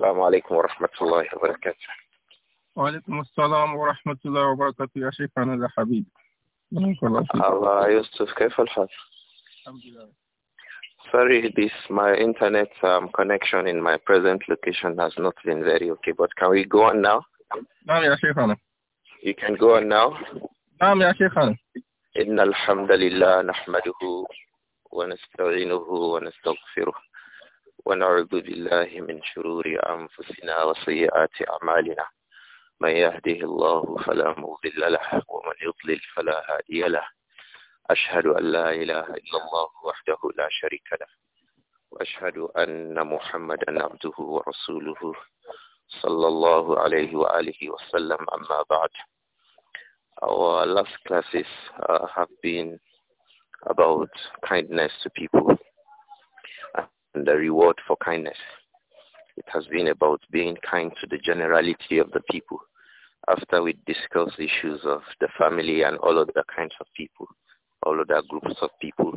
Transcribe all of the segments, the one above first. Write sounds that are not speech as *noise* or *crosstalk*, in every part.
السلام عليكم ورحمة الله وبركاته وعليكم السلام ورحمة الله وبركاته يا شيخنا يا حبيبي الله يوسف كيف الحال؟ الحمد لله Sorry, this my internet um, connection in my present location has not been very okay. But can we go on now? نعم يا شيخنا. You can go on now. نعم يا شيخنا. إن الحمد لله نحمده ونستعينه ونستغفره ونعوذ بالله من شرور أنفسنا وسيئات أعمالنا من يهده الله فلا مضل له ومن يضلل فلا هادي له أشهد أن لا إله إلا الله وحده لا شريك له وأشهد أن محمدا عبده ورسوله صلى الله عليه وآله وسلم أما بعد Our last classes uh, have been about kindness to people and the reward for kindness. It has been about being kind to the generality of the people after we discuss issues of the family and all other kinds of people, all other groups of people.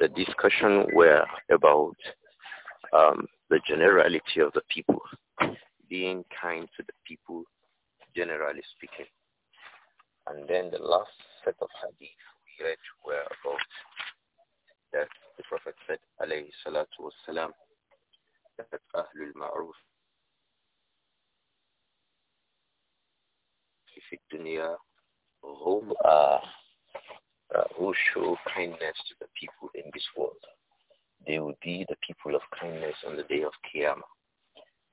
The discussion were about um, the generality of the people, being kind to the people, generally speaking. And then the last set of hadith we read were about that the Prophet said, alayhi salatu that ahlul ma'ruf في الدنيا هم uh, uh, who show kindness to the people in this world. They will be the people of kindness on the day of Qiyamah.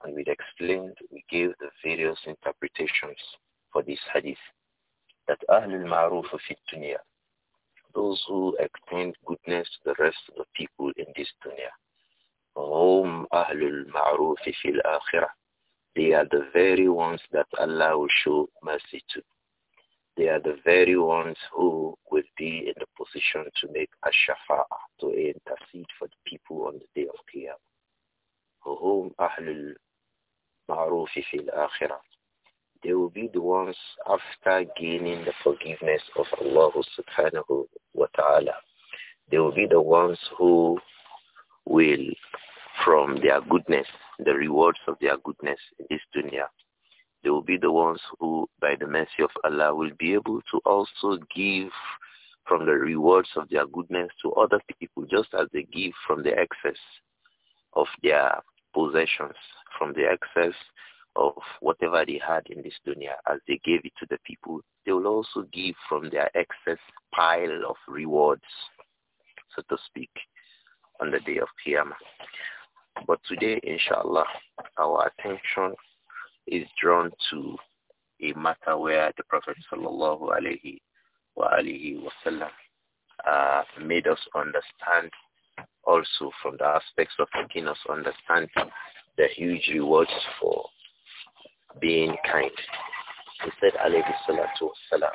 And we explained, we gave the various interpretations for this hadith that Ahlul Ma'ruf fi dunya those who extend goodness to the rest of the people in this dunya. They are the very ones that Allah will show mercy to. They are the very ones who will be in the position to make a shafaa to intercede for the people on the day of Qiyamah they will be the ones after gaining the forgiveness of Allah subhanahu wa ta'ala. They will be the ones who will, from their goodness, the rewards of their goodness in this dunya, they will be the ones who, by the mercy of Allah, will be able to also give from the rewards of their goodness to other people, just as they give from the excess of their possessions, from the excess of whatever they had in this dunya as they gave it to the people, they will also give from their excess pile of rewards, so to speak, on the day of Qiyamah. But today, inshallah, our attention is drawn to a matter where the Prophet sallallahu alaihi wasallam uh, made us understand also from the aspects of making us understand the huge rewards for being kind. He said, alayhi salatu wassalam,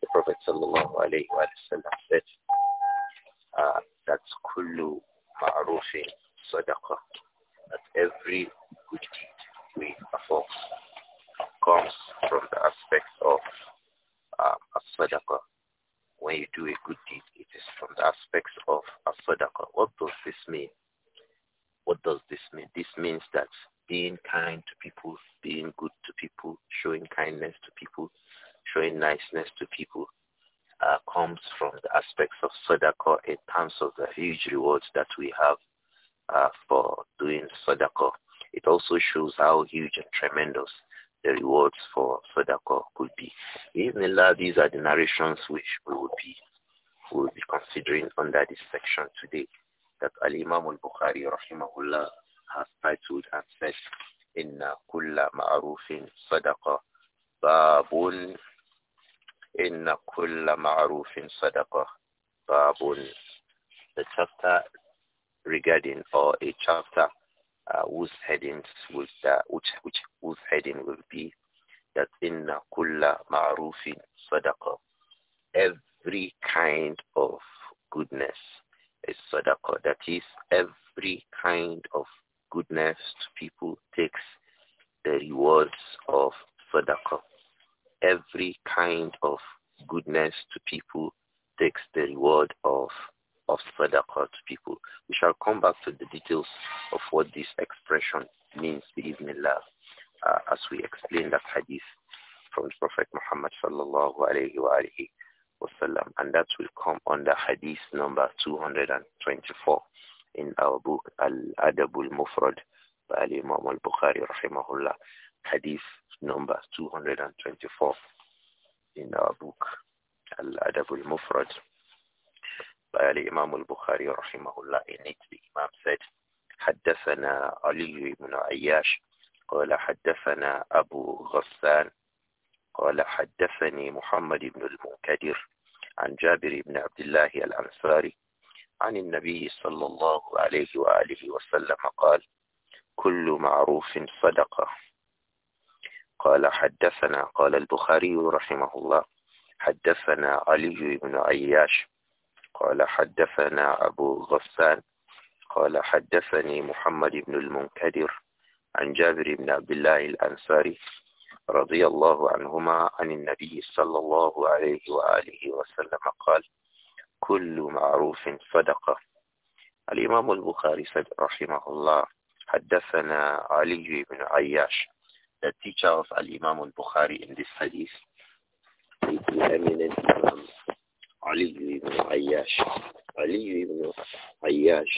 the Prophet sallallahu alayhi wa sallam said, uh, that's kullu ma'rufin sadaqah, that every good deed we perform comes from the aspect of um, sadaqah. When you do a good deed, it is from the aspects of sadaqah. What does this mean? What does this mean? This means that being kind to people, being good to people, showing kindness to people, showing niceness to people uh, comes from the aspects of sadaqah in terms of the huge rewards that we have uh, for doing sadaqah. It also shows how huge and tremendous the rewards for sadaqah could be. Even Allah, these are the narrations which we will be, we will be considering under this section today that Al-Imam al-Bukhari rahimahullah has titled and said, Inna kulla ma'arufin sadaqa. Babun. Inna kulla ma'arufin sadaqa. Babun. The chapter regarding or a chapter uh, whose will uh, which which whose heading will be that inna kulla ma'rufin sadaqa every kind of goodness is sadaqa that is every kind of goodness to people takes the rewards of sadaqah. Every kind of goodness to people takes the reward of of sadaqah to people. We shall come back to the details of what this expression means, bi'idhnillah, uh, as we explain that hadith from the Prophet Muhammad sallallahu alayhi wa wasallam. And that will come under hadith number 224. in our book Al-Adab al-Mufrad by Imam al-Bukhari rahimahullah, hadith number 224 in our book Al-Adab al-Mufrad by Imam al-Bukhari rahimahullah. In it the Imam said, حدثنا علي بن عياش قال حدثنا أبو غسان قال حدثني محمد بن المنكدر عن جابر بن عبد الله الأنصاري عن النبي صلى الله عليه وآله وسلم قال كل معروف صدقة قال حدثنا قال البخاري رحمه الله حدثنا علي بن عياش قال حدثنا أبو غسان قال حدثني محمد بن المنكدر عن جابر بن عبد الله الأنصاري رضي الله عنهما عن النبي صلى الله عليه وآله وسلم قال كل معروف صدقة الإمام البخاري said رحمه الله حدثنا علي بن عياش the teacher of Al-Imam al-Bukhari in this hadith the eminent Imam Ali ibn Ayyash Ali ibn Ayyash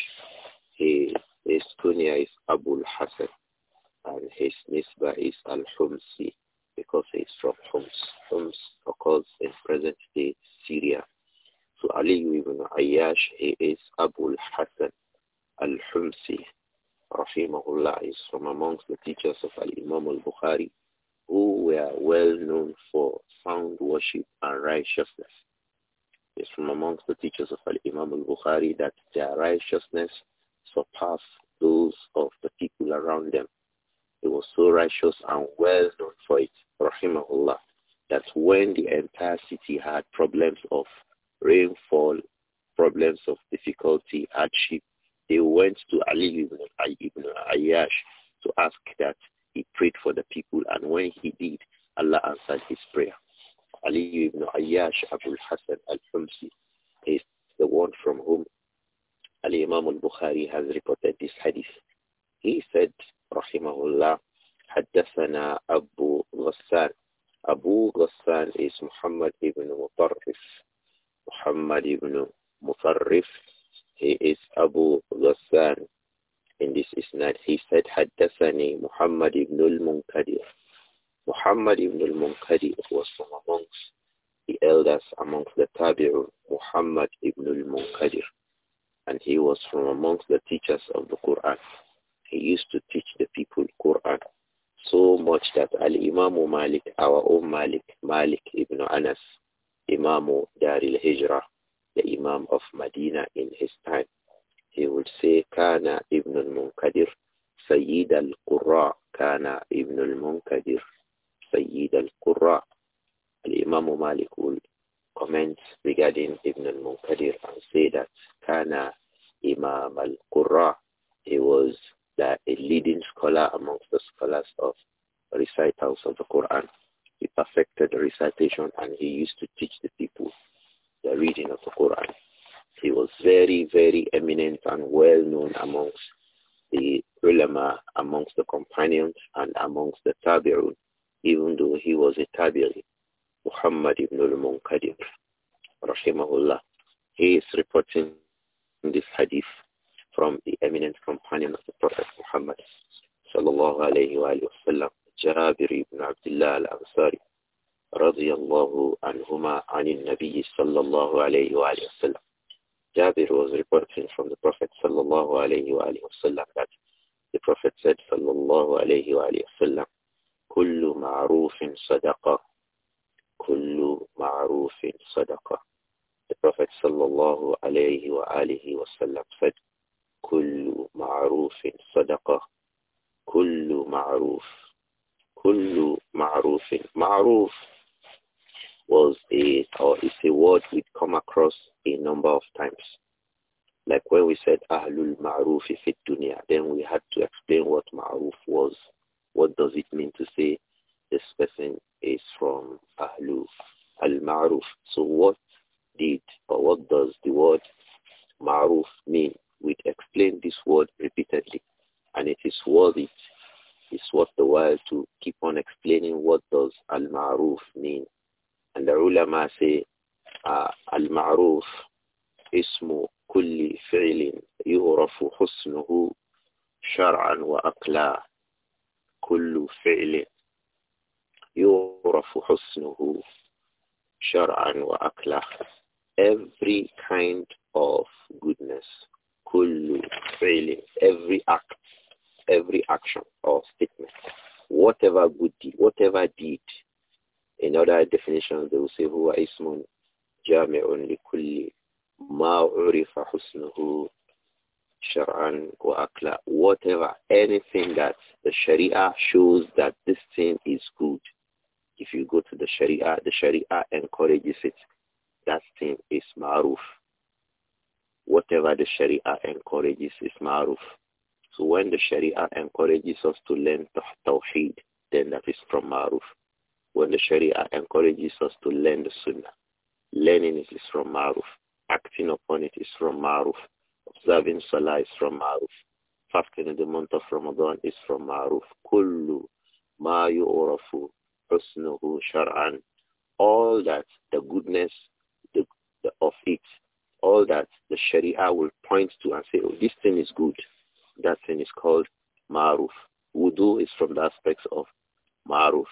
he, his kunya is Abu al-Hasan and his nisbah is Al-Humsi because he is from Homs. Homs occurs in present-day Syria Ali ibn Ayyash, he is Abu al-Hasan al-Humsi, rahimahullah, is from amongst the teachers of Al-Imam al-Bukhari, who were well known for sound worship and righteousness. It's from amongst the teachers of Al-Imam al-Bukhari that their righteousness surpassed those of the people around them. He was so righteous and well known for it, rahimahullah, that when the entire city had problems of rainfall, problems of difficulty, hardship, they went to Ali ibn, Ayyash to ask that he prayed for the people. And when he did, Allah answered his prayer. Ali ibn Ayyash Abul Hassan al-Humsi is the one from whom Ali Imam al-Bukhari has reported this hadith. He said, Rahimahullah, حدثنا أبو غسان أبو غسان is Muhammad ibn Mutarrif Muhammad ibn Mufarrif. He is Abu Ghassan. In this isnad, he said, Haddasani Muhammad ibn al-Munkadir. Muhammad ibn al-Munkadir was from amongst the elders amongst the Tabi'un, Muhammad ibn al-Munkadir. And he was from amongst the teachers of the Quran. He used to teach the people Quran so much that Al-Imam Malik, our own Malik, Malik ibn Anas, Daril Hijra, the Imam of Medina in his time. He would say, Kana Ibn al-Munkadir, Sayyid al-Qurra, Kana Ibn al-Munkadir, Sayyid al-Qurra. imam Malik would comment regarding Ibn al-Munkadir and say that Kana Imam al-Qurra, he was the, a leading scholar amongst the scholars of recitals of the Quran. He perfected recitation and he used to teach the people the reading of the Quran. He was very, very eminent and well known amongst the ulama, amongst the companions and amongst the tabi'un, even though he was a tabi'i, Muhammad ibn al rahimahullah. He is reporting this hadith from the eminent companion of the Prophet Muhammad, sallallahu alayhi wa sallam, جرابر بن عبد الله الأنصاري رضي الله عنهما عن النبي صلى الله عليه وآله وسلم Jabir was reporting from the Prophet صلى الله عليه وآله وسلم that the Prophet said صلى الله عليه وآله وسلم كل معروف صدقة كل معروف صدقة The Prophet صلى الله عليه وآله وسلم said كل معروف صدقة كل معروف kullu ma'rufin. Ma'ruf was a, or is a word we come across a number of times. Like when we said ahlul ma'ruf fit dunya, then we had to explain what ma'ruf was. What does it mean to say this person is from ahlu al-ma'ruf? So what did or what does the word ma'ruf mean? We explained this word repeatedly and it is worth it it's worth the while to keep on explaining what does al-ma'ruf mean. And the ulama say, uh, al-ma'ruf ismu kulli fi'lin yuhrafu husnuhu shar'an wa akla kullu fi'lin yuhrafu husnuhu shar'an wa akla. every kind of goodness kullu fi'lin every act every action or statement, whatever good deed, whatever deed. In other definitions, they will say, huwa ismun jami'un li kulli ma urifa husnuhu shar'an wa akla. Whatever, anything that the sharia shows that this thing is good. If you go to the sharia, the sharia encourages it. That thing is ma'ruf whatever the Sharia encourages is ma'ruf when the Sharia encourages us to learn Tawheed, then that is from Ma'ruf. When the Sharia encourages us to learn the Sunnah, learning it is from Ma'ruf. Acting upon it is from Ma'ruf. Observing Salah is from Ma'ruf. Fasting in the month of Ramadan is from Ma'ruf. Kullu ma yu'rafu husnuhu shar'an. All that, the goodness the, the, of it, all that the Sharia will point to and say, oh, this thing is good that thing is called ma'ruf. Wudu is from the aspects of ma'ruf.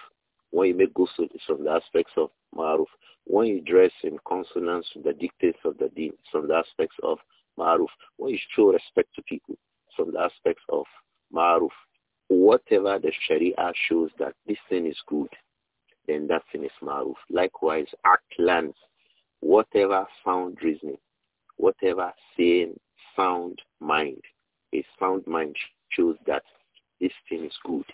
When you make ghusl, it's from the aspects of ma'ruf. When you dress in consonance with the dictates of the deen, it's from the aspects of ma'ruf. When you show respect to people, it's from the aspects of ma'ruf. Whatever the sharia shows that this thing is good, then that thing is ma'ruf. Likewise, aklan, whatever sound reasoning, whatever sane, sound mind, a sound mind shows that this thing is good.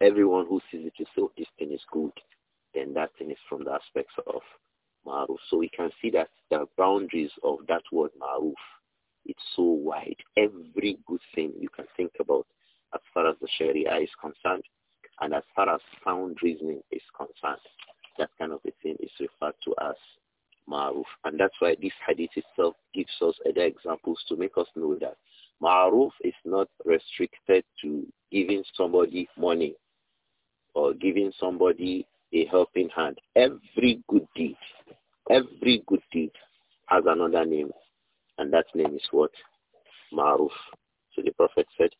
Everyone who sees it is so this thing is good, then that thing is from the aspects of Maruf. So we can see that the boundaries of that word Maruf, it's so wide. Every good thing you can think about as far as the Sharia is concerned and as far as sound reasoning is concerned, that kind of a thing is referred to as Maruf. And that's why this hadith itself gives us other examples to make us know that Maruf is not restricted to giving somebody money or giving somebody a helping hand. Every good deed, every good deed has another name, and that name is what? Maruf. So the Prophet said,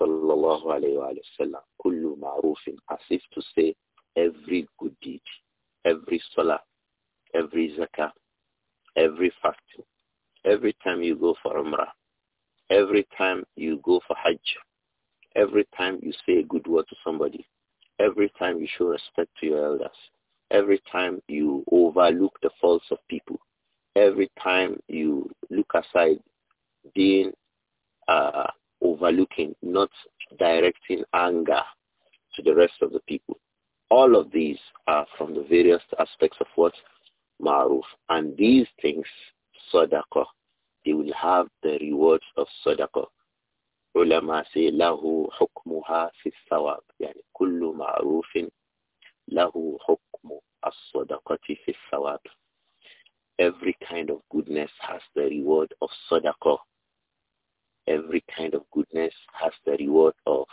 Sallallahu alayhi wa sallam, Kullu ma'rufin, as if to say, every good deed, every salah, every zakah, every fasting, every time you go for umrah, Every time you go for Hajj, every time you say a good word to somebody, every time you show respect to your elders, every time you overlook the faults of people, every time you look aside being uh, overlooking, not directing anger to the rest of the people. All of these are from the various aspects of what? Ma'ruf. And these things, sadaqah, they will have the rewards of sadaqah. Ulama say, lahu hukmuha fi thawab. Yani kullu ma'rufin lahu hukmu as-sadaqati fi thawab. Every kind of goodness has the reward of sadaqah. Every kind of goodness has the reward of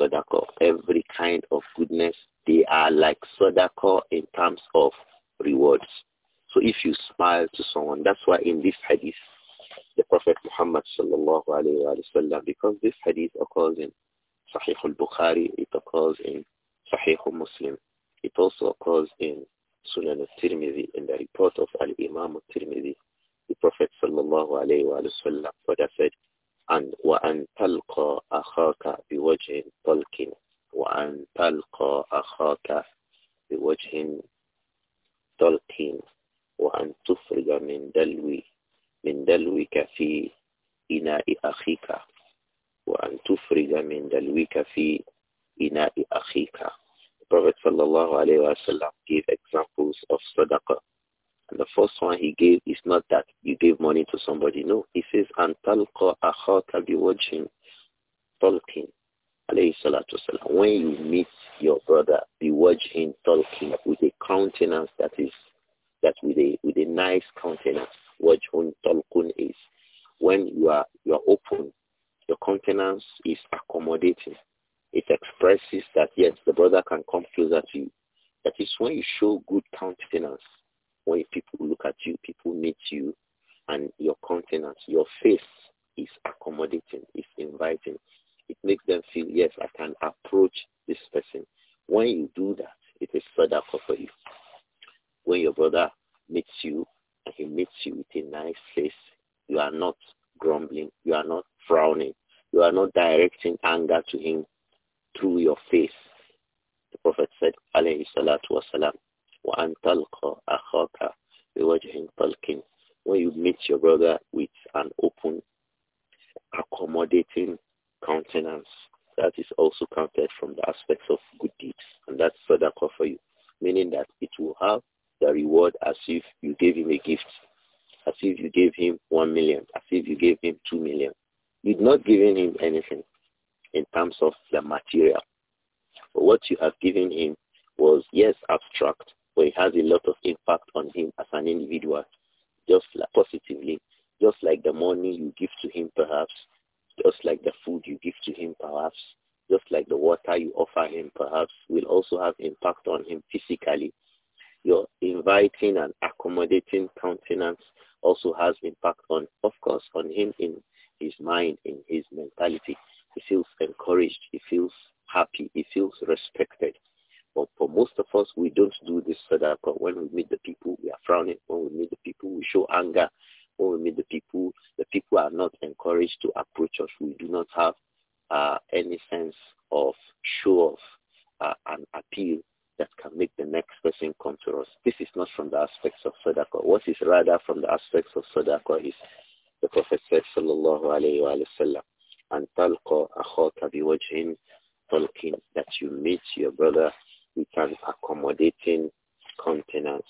sadaqah. Every kind of goodness, they are like sadaqah in terms of rewards. So if you smile to someone, that's why in this hadith, the Prophet Muhammad sallallahu alayhi wa sallam because this hadith occurs in Sahih al-Bukhari, it occurs in Sahih muslim it also occurs in Sunan al-Tirmidhi, in the report of al-Imam al-Tirmidhi. The Prophet sallallahu alayhi wa sallam further said, and وأن تلقى أخاك بوجه طلق وأن تلقى أخاك بوجه طلق وأن تفرج من دلوي من دلوك في إناء أخيك وأن تفرج من دلوك في إناء أخيك The Prophet sallallahu gave examples of sadaqah. And the first one he gave is not that you gave money to somebody. No, he says, أَنْ تَلْقَ أَخَاكَ بِوَجْهٍ talking, alayhi salatu wasalam, when you meet your brother, be watching talking with a countenance that is that with a with a nice countenance wajhun talqun is when you are you are open, your countenance is accommodating. It expresses that yes, the brother can come closer to you. That is when you show good countenance. When people look at you, people meet you, and your countenance, your face is accommodating, is inviting. It makes them feel, yes, I can approach this person. When you do that, it is further for you. When your brother meets you, he meets you with a nice face. You are not grumbling. You are not frowning. You are not directing anger to him through your face. The Prophet said, alayhi salatu wasalam, وَأَن تَلْقَى أَخَاكَ بِوَجْهٍ طَلْقٍ When you meet your brother with an open, accommodating countenance, that is also counted from the aspects of good deeds. And that's sadaqah for you, meaning that it will have the reward as if you gave him a gift, as if you gave him one million, as if you gave him two million. You've not given him anything in terms of the material. But what you have given him was, yes, abstract, but it has a lot of impact on him as an individual, just like, positively, just like the money you give to him perhaps, just like the food you give to him perhaps, just like the water you offer him perhaps will also have impact on him physically your inviting and accommodating countenance also has impact on, of course, on him in his mind, in his mentality. He feels encouraged. He feels happy. He feels respected. But for most of us, we don't do this sadaqah. When we meet the people, we are frowning. When we meet the people, we show anger. When we meet the people, the people are not encouraged to approach us. We do not have uh, any sense of show off uh, and appeal that can make the next person come to us. This is not from the aspects of sadaqah. What is rather from the aspects of sadaqah is the Prophet said, sallallahu alayhi Wasallam, and talqa akhaka biwajhin talqin, that you meet your brother with an accommodating countenance.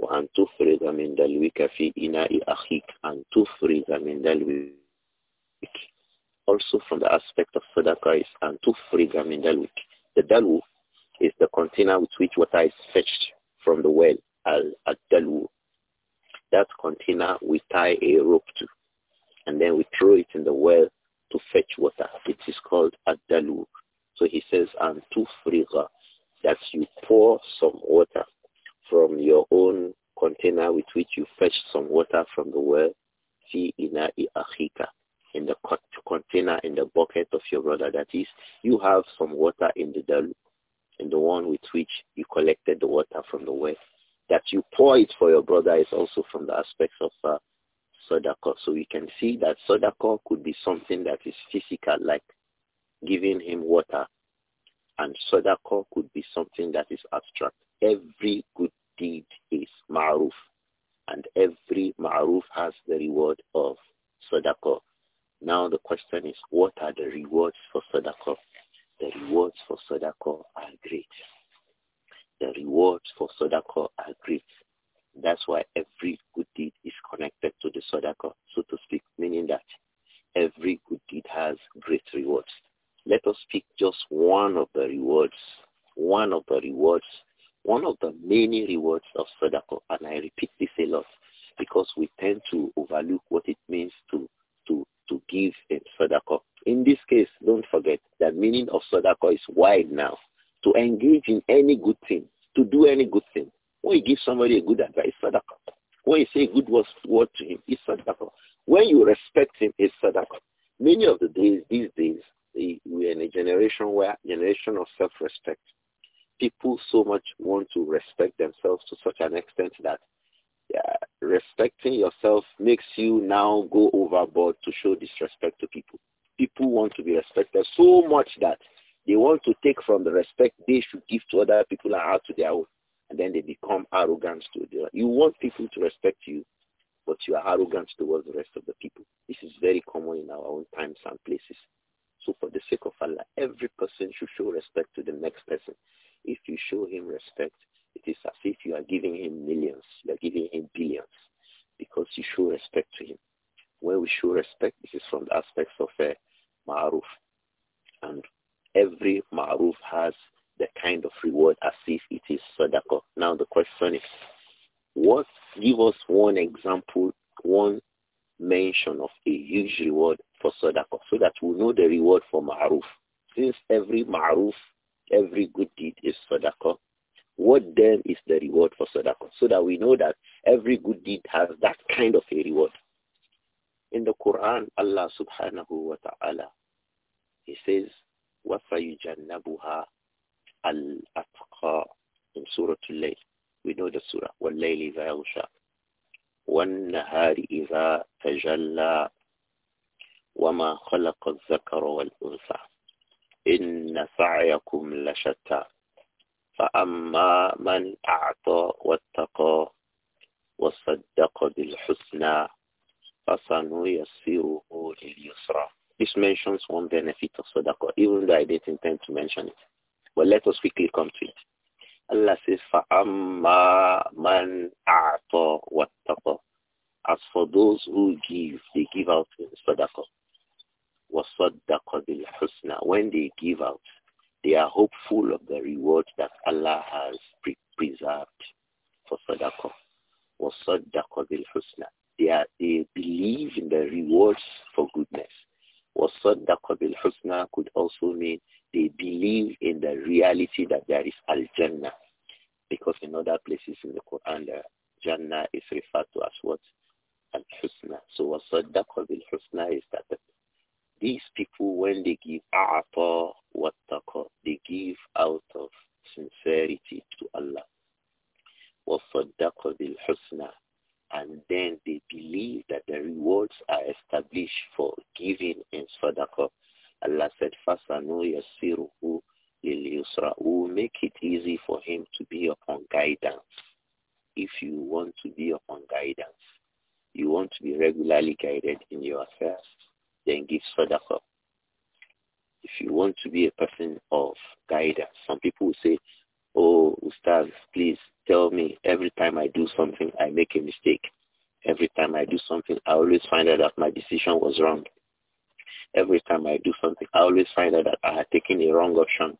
وأن تفرد من دلوك في إناء أخيك أن تفرد من دلوك also from the aspect of sadaqah is and tufriga min dalwik. The dalwik is the container with which water is fetched from the well, at dalu That container we tie a rope to, and then we throw it in the well to fetch water. It is called at dalu So he says, and friga, that you pour some water from your own container with which you fetch some water from the well, fi ina'i akhika, in the container, in the bucket of your brother. That is, you have some water in the dalu and the one with which you collected the water from the well. That you pour it for your brother is also from the aspects of uh, Sodako. So we can see that Sodako could be something that is physical, like giving him water. And Sodako could be something that is abstract. Every good deed is ma'ruf. And every ma'ruf has the reward of Sodako. Now the question is, what are the rewards for Sodako? the rewards for Sodako are great. The rewards for Sodako are great. That's why every good deed is connected to the Sodako, so to speak, meaning that every good deed has great rewards. Let us pick just one of the rewards, one of the rewards, one of the many rewards of Sodako. And I repeat this a lot because we tend to overlook what it means to to give in sadaqah. In this case, don't forget that meaning of sadaqah is wide now. To engage in any good thing, to do any good thing. When you give somebody a good advice, sadaqah. When you say good word to him, it's sadaqah. When you respect him, it's sadaqah. Many of the days, these days, we're in a generation where generation of self-respect. People so much want to respect themselves to such an extent that respecting yourself makes you now go overboard to show disrespect to people. People want to be respected so much that they want to take from the respect they should give to other people and add to their own. And then they become arrogant to the You want people to respect you, but you are arrogant towards the rest of the people. This is very common in our own times and places. So for the sake of Allah, every person should show respect to the next person. If you show him respect, it is as if you are giving him millions, you are giving him billions, because you show respect to him. When we show respect, this is from the aspects of a uh, ma'aruf. And every ma'aruf has the kind of reward as if it is sadaqah. Now the question is, what, give us one example, one mention of a huge reward for sadaqah so that we know the reward for ma'aruf. Since every ma'aruf, every good deed is sadaqah, what then is the reward for sadaqah? So that we know that every good deed has that kind of a reward. In the Quran, Allah subhanahu wa ta'ala, he says, وَفَيُجَنَّبُهَا الْأَتْقَى in Surah Al-Layl. We know the Surah. وَاللَّيْلِ إِذَا يَغْشَى وَالنَّهَارِ إِذَا تَجَلَّى وَمَا خَلَقَ الذَّكَرَ وَالْأُنثَى إِنَّ سَعْيَكُمْ لَشَتَّى فأما من أعطى واتقى وصدق بالحسنى فسنيسره لليسرى This mentions one benefit of sadaqah, even though I didn't intend to mention it. But let us quickly come to it. Allah says, فَأَمَّا مَنْ أَعْطَى وَاتَّقَى As for those who give, they give out in وَصَدَّقَ بِالْحُسْنَى When they give out, they are hopeful of the reward that Allah has pre preserved for sadaqah. وَصَدَّقَ بِالْحُسْنَى they, are, they believe in the rewards for goodness. وَصَدَّقَ بِالْحُسْنَى could also mean they believe in the reality that there is al-Jannah. Because in other places in the Quran, the Jannah is referred to as what? Al-Husna. So وَصَدَّقَ بِالْحُسْنَى is that these people, when they give أَعْطَى wattaqah. They give out of sincerity to Allah. وَصَدَّقَ بِالْحُسْنَى And then they believe that the rewards are established for giving in sadaqah. Allah said, فَسَنُوا يَسِّرُهُ لِلْيُسْرَى We will make it easy for him to be upon guidance. If you want to be upon guidance, you want to be regularly guided in your affairs, then give sadaqah. If you want to be a person of guidance, some people will say, oh, Ustaz, please tell me every time I do something, I make a mistake. Every time I do something, I always find out that my decision was wrong. Every time I do something, I always find out that I had taken a wrong option.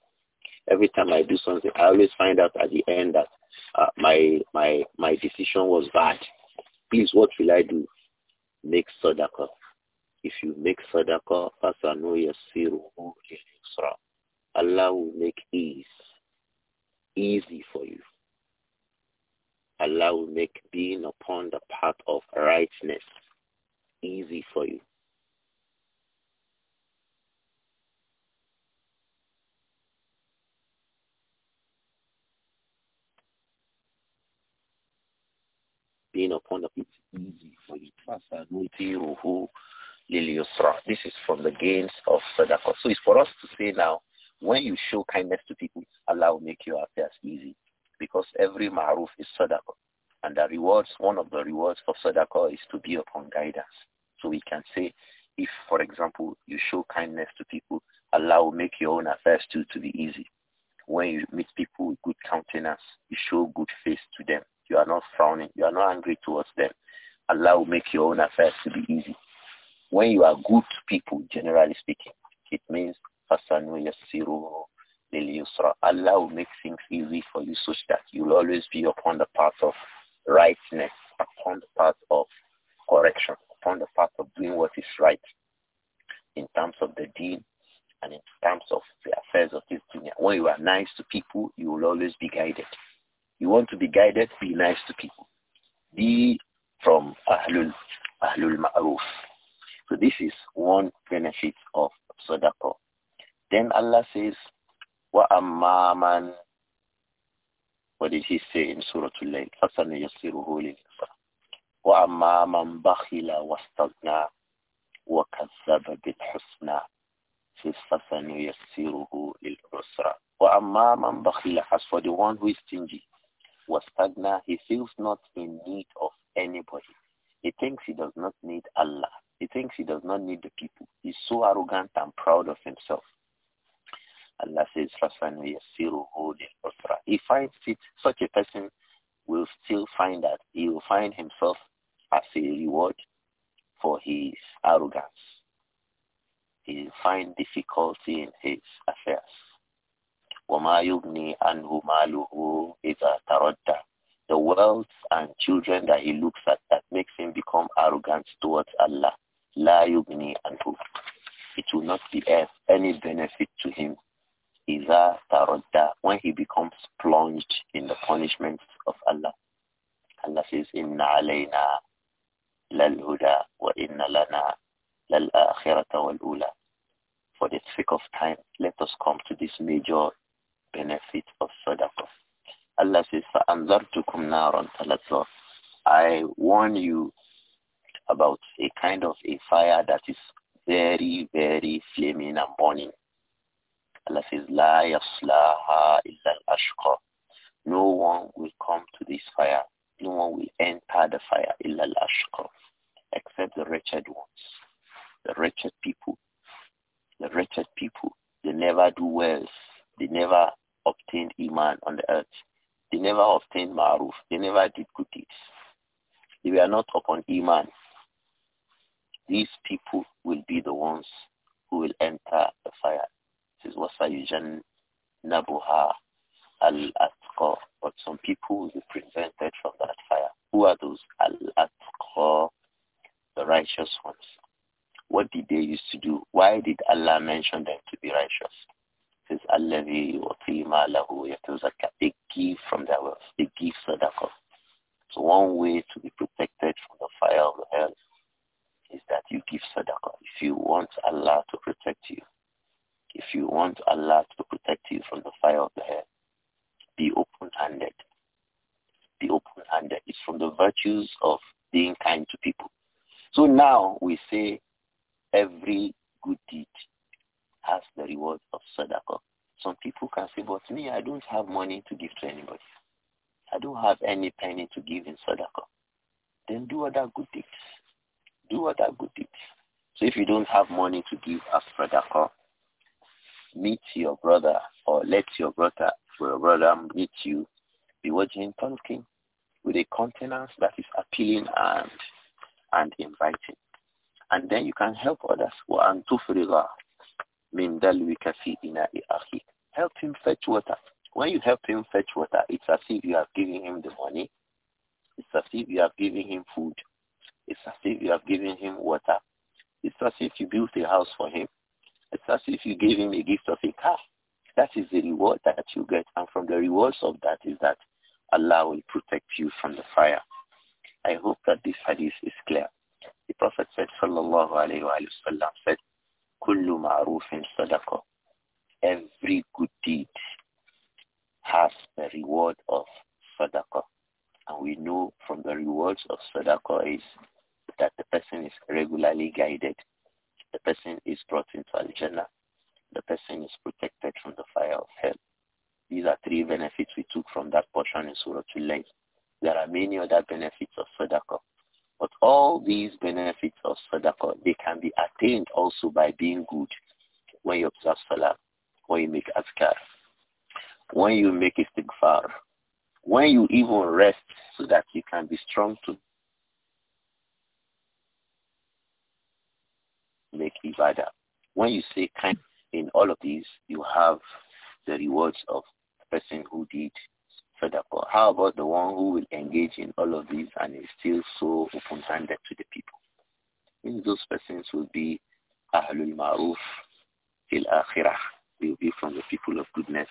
Every time I do something, I always find out at the end that uh, my my my decision was bad. Please, what will I do? Make sadaqah. If you make sadaqah, فَسَنُيَسِّرُهُ لِلْيُسْرَى Allah will make ease easy for you. Allah will make being upon the path of righteousness easy for you. Being upon the path easy for you lil This is from the gains of sadaqah. So it's for us to say now, when you show kindness to people, Allah will make your affairs easy because every ma'ruf is sadaqah. And the rewards, one of the rewards of sadaqah is to be upon guidance. So we can say, if, for example, you show kindness to people, Allah will make your own affairs too to be easy. When you meet people with good countenance, you show good face to them. You are not frowning. You are not angry towards them. Allah will make your own affairs to be easy. When you are good people, generally speaking, it means Fasanu Yasiru Lil Yusra. Allah will make things easy for you such that you'll always be upon the path of rightness, upon the path of correction, upon the path of doing what is right in terms of the deen and in terms of the affairs of this dunya. When you are nice to people, you will always be guided. You want to be guided, be nice to people. Be from Ahlul, Ahlul Ma'ruf. So this is one benefit of sadaqah. Then Allah says, "Wa amma man What did He say in Surah Al-Layl? فَسَنَ يَسِّرُهُ Wa amma man bakhila wa وَأَمَّا مَنْ بَخِلَ وَاسْتَغْنَى وَكَذَّبَ بِالْحُسْنَى فَسَنُيَسِّرُهُ Wa amma man bakhila." As for the one who is stingy, وَاسْتَغْنَى He feels not in need of anybody. He thinks he does not need Allah. He thinks he does not need the people. He's so arrogant and proud of himself. Allah says, He finds it, such a person will still find that he will find himself as a reward for his arrogance. He'll find difficulty in his affairs. The wealth and children that he looks at that makes him become arrogant towards Allah La yubni anhu. It will not be of any benefit to him. Iza tarodda. When he becomes plunged in the punishments of Allah. Allah says, Inna alayna lal huda wa inna lana lal akhirata wal ula. For the sake of time, let us come to this major benefit of sadaqah. Allah says, فَأَنْذَرْتُكُمْ نَارًا تَلَتْزَرْ I warn you about a kind of a fire that is very, very flaming and burning. Allah says, La yaslaha illa al-ashqa. No one will come to this fire. No one will enter the fire illa al-ashqa. Except the wretched ones. The wretched people. The wretched people. They never do well. They never obtained Iman on the earth. They never obtained Ma'ruf. They never did good deeds. They were not upon Iman. These people will be the ones who will enter the fire. This is Wasayujan Nabuha Al-Atqa. But some people will be prevented from that fire. Who are those Al-Atqa, the righteous ones? What did they used to do? Why did Allah mention them to be righteous? It says Allahi Watima Lahu Yatuzaka. They give from their wealth. They give sadaqah. So one way to be protected from the fire of the hell is that you give sadaqah. If you want Allah to protect you, if you want Allah to protect you from the fire of the hell, be open-handed. Be open-handed. It's from the virtues of being kind to people. So now we say every good deed has the reward of sadaqah. Some people can say, but me, I don't have money to give to anybody. I don't have any penny to give in sadaqah. Then do other good deeds do other good deeds. So if you don't have money to give a sadaqah, meet your brother or let your brother your brother meet you be watching talking with a countenance that is appealing and and inviting. And then you can help others. Help him fetch water. When you help him fetch water, it's as if you are giving him the money. It's as if you are giving him food. It's as if you have given him water. It's as if you built a house for him. It's as if you gave him a gift of a car. That is the reward that you get. And from the rewards of that is that Allah will protect you from the fire. I hope that this hadith is clear. The Prophet said, Sallallahu Alaihi Wasallam said, Kullu ma'rufin Every good deed has the reward of fadaka, And we know from the rewards of fadaka is that the person is regularly guided, the person is brought into Al-Jannah, the person is protected from the fire of hell. These are three benefits we took from that portion in Surah al There are many other benefits of Sadaqah. But all these benefits of Sadaqah, they can be attained also by being good when you observe Salah, when you make Azkar, when you make Istighfar, when you even rest so that you can be strong to make ibadah. When you say kind in all of these, you have the rewards of the person who did sadaqah. How about the one who will engage in all of these and is still so open-handed to the people? And those persons will be ahlul ma'ruf fil akhirah. They will be from the people of goodness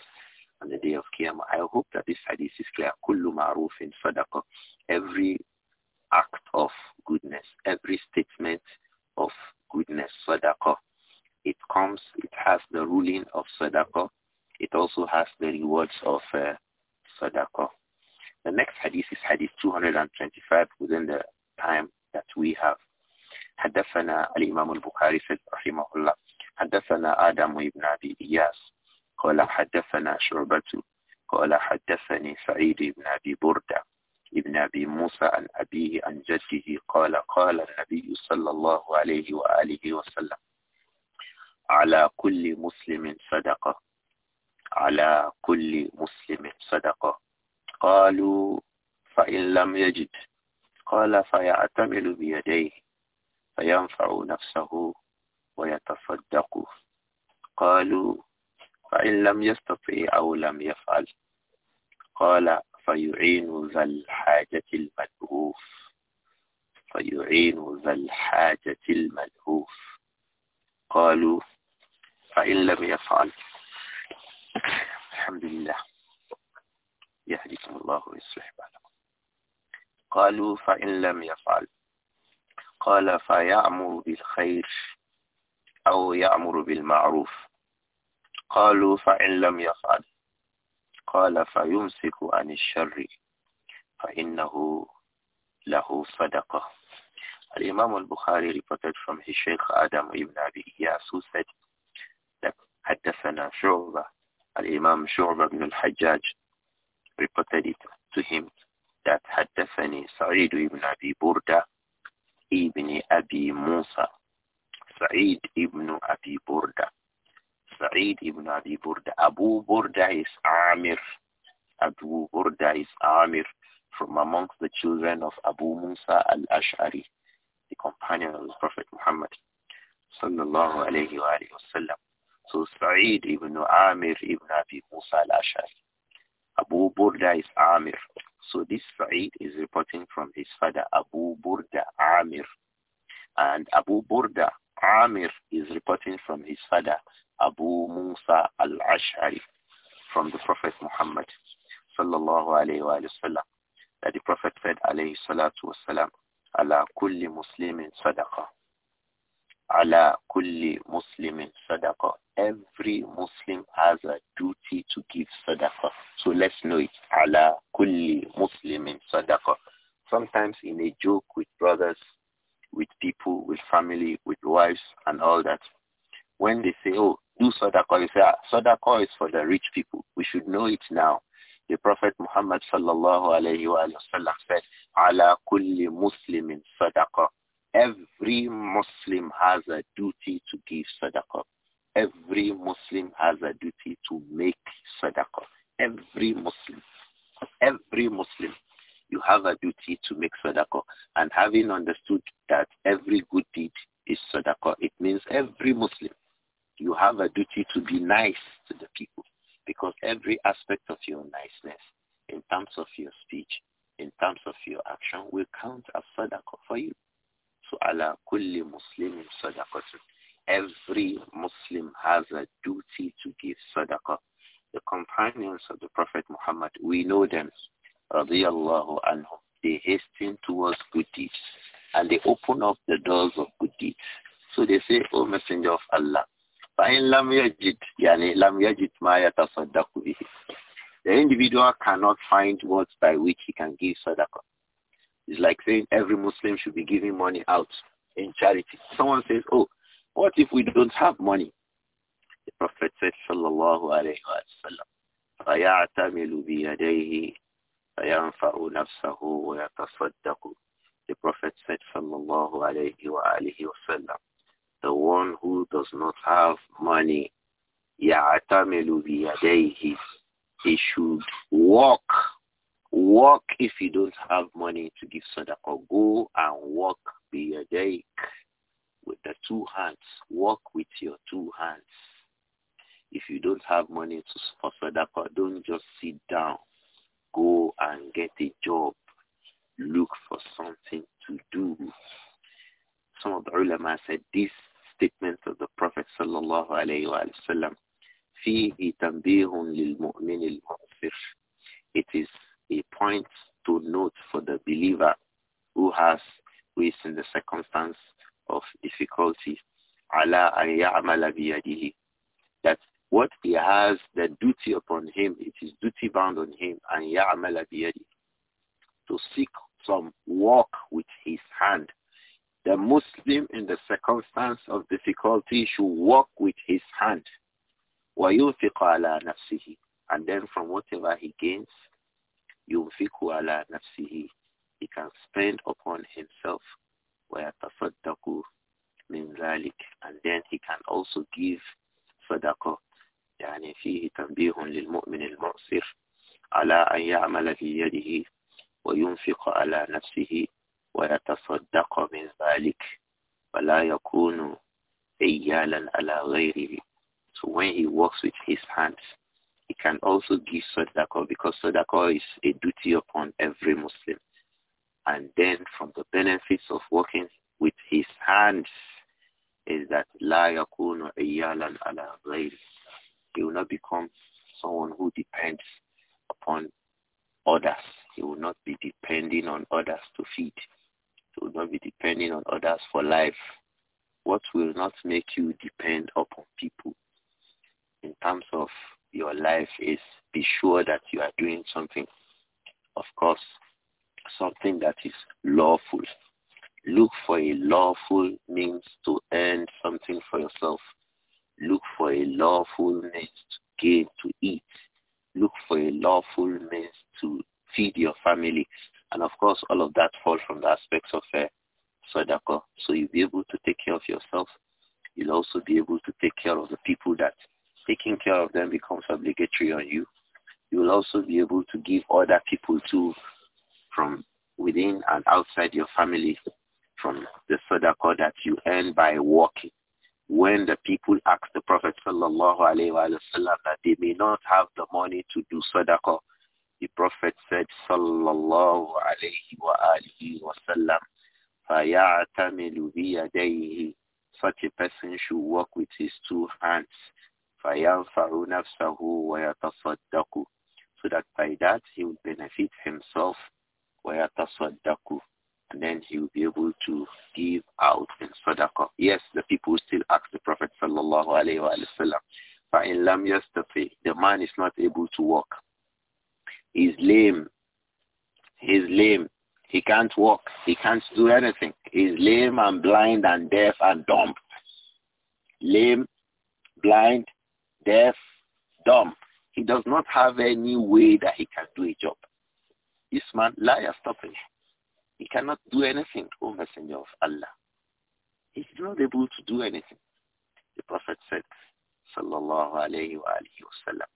on the day of Qiyamah. I hope that this hadith is clear. Kullu ma'ruf in sadaqah. Every act of goodness, every statement of goodness, sadaqah. It comes, it has the ruling of sadaqah. It also has the rewards of uh, sadaqah. The next hadith is hadith 225 within the time that we have. حدثنا الإمام البخاري رحمه الله حدثنا آدم بن أبي إياس قال حدثنا شعبة قال حدثني سعيد بن أبي بردة ابن أبي موسى عن أبيه عن جده قال قال النبي صلى الله عليه وآله وسلم على كل مسلم صدقة على كل مسلم صدقة قالوا فإن لم يجد قال فيعتمل بيديه فينفع نفسه ويتصدق قالوا فإن لم يستطع أو لم يفعل قال فيعين ذا الحاجة الملهوف فيعين ذا الحاجة الملهوف قالوا فإن لم يفعل الحمد لله يهديكم الله ويصلح بالكم قالوا فإن لم يفعل قال فيعمر بالخير أو يعمر بالمعروف قالوا فإن لم يفعل قال فيمسك عن الشر فإنه له صدقة Al-Imam bukhari reported from his Sheikh Adam ibn Abi Iyas who said that حدثنا شعبة Al-Imam Shu'ba ibn al-Hajjaj reported it to him that حدثني Sa'id ibn Abi Burda ibn Abi Musa Sa'id ibn Abi Burda Sa'id ibn Abi Burda Abu Burda is Amir. Abu Urda is Amir from amongst the children of Abu Musa al-Ash'ari, the companion of the Prophet Muhammad sallallahu alayhi wa sallam. So Sa'id ibn Amir ibn Abi Musa al-Ash'ari. Abu Burda is Amir. So this Sa'id is reporting from his father Abu Burda Amir. And Abu Burda Amir is reporting from his father Abu Musa al-Ash'ari from the Prophet Muhammad sallallahu alayhi wa sallam that the Prophet said alayhi salatu wasalam ala kulli muslimin sadaqa ala kulli muslimin sadaqa every Muslim has a duty to give sadaqa so let's know it ala kulli muslimin sadaqa sometimes in a joke with brothers with people with family with wives and all that when they say oh do sadaqah. You say, ah, sadaqah is for the rich people. We should know it now. The Prophet Muhammad sallallahu alayhi wa sallam said, ala kulli muslimin sadaqah. Every Muslim has a duty to give sadaqah. Every Muslim has a duty to make sadaqah. Every Muslim. Every Muslim. You have a duty to make sadaqah. And having understood that every good deed is sadaqah, it means every Muslim you have a duty to be nice to the people because every aspect of your niceness in terms of your speech, in terms of your action will count as sadaqah for you. So Allah, kulli muslimin sadaqatun. Every Muslim has a duty to give sadaqah. The companions of the Prophet Muhammad, we know them, radiyallahu anhum. They hasten towards good deeds and they open up the doors of good deeds. So they say, O Messenger of Allah, فَإِنْ لَمْ يَجِدْ يعني لَمْ يَجِدْ مَا يَتَصَدَّقُ بِهِ The individual cannot find words by which he can give sadaqah. It's like saying every Muslim should be giving money out in charity. Someone says, oh, what if we don't have money? The Prophet said, sallallahu alayhi wa sallam, فَيَعْتَمِلُ بِيَدَيْهِ فَيَنْفَعُ نَفْسَهُ وَيَتَصَدَّقُ The Prophet said, sallallahu alayhi wa alihi wa sallam, the one who does not have money, يَعْتَمِلُ بِيَدَيْهِ He should walk. Walk if you don't have money to give sadaqah. Go and walk بِيَدَيْكِ With the two hands. Walk with your two hands. If you don't have money to, for sadaqah, don't just sit down. Go and get a job. Look for something to do some of the ulama said this statement of the Prophet sallallahu alayhi wa sallam, فِيهِ تَنْبِيهٌ لِلْمُؤْمِنِ الْمُؤْفِرِ It is a point to note for the believer who has, who is in the circumstance of difficulty, عَلَىٰ أَنْ يَعْمَلَ بِيَدِهِ That what he has, the duty upon him, it is duty bound on him, and يَعْمَلَ بِيَدِهِ To seek some work with his hand the Muslim in the circumstance of difficulty should walk with his hand. وَيُنْفِقُ عَلَى نَفْسِهِ And then from whatever he gains, يُنْفِقُ عَلَى نَفْسِهِ He can spend upon himself. وَيَتَصَدَّقُ مِنْ ذَلِكَ And then he can also give صدقه يعني فيه تنبيه للمؤمن المعصر على أن يعمل في يده وينفق على نفسه ويتصدق من ذلك فلا يكون على غيره So when he works with his hands, he can also give sadaqah because sadaqah is a duty upon every Muslim. And then from the benefits of working with his hands is that la yakunu iyalan ala ghayri. He will not become someone who depends upon others. He will not be depending on others to feed will not be depending on others for life. What will not make you depend upon people in terms of your life is be sure that you are doing something. Of course, something that is lawful. Look for a lawful means to earn something for yourself. Look for a lawful means to gain to eat. Look for a lawful means to feed your family. And of course, all of that falls from the aspects of uh, sadaqah. So you'll be able to take care of yourself. You'll also be able to take care of the people that taking care of them becomes obligatory on you. You'll also be able to give other people too from within and outside your family from the sadaqah that you earn by working. When the people ask the Prophet sallallahu alaihi wasallam that they may not have the money to do sadaqah, the Prophet said, Sallallahu alayhi wa alihi wa sallam, فَيَعْتَمِلُ بِيَدَيْهِ Such a person should walk with his two hands. فَيَنْفَعُ نَفْسَهُ وَيَتَصَدَّقُ So that by that he will benefit himself وَيَتَصَدَّقُ and then he will be able to give out in sadaqah. Yes, the people still ask the Prophet sallallahu Alaihi Wasallam. sallam, فَإِنْ لَمْ يَسْتَفِي The man is not able to walk. He's lame. He's lame. He can't walk. He can't do anything. He's lame and blind and deaf and dumb. Lame, blind, deaf, dumb. He does not have any way that he can do a job. This man, liar, stop him. He cannot do anything, O Messenger of Allah. He's not able to do anything. The Prophet said, Sallallahu Alaihi Wasallam,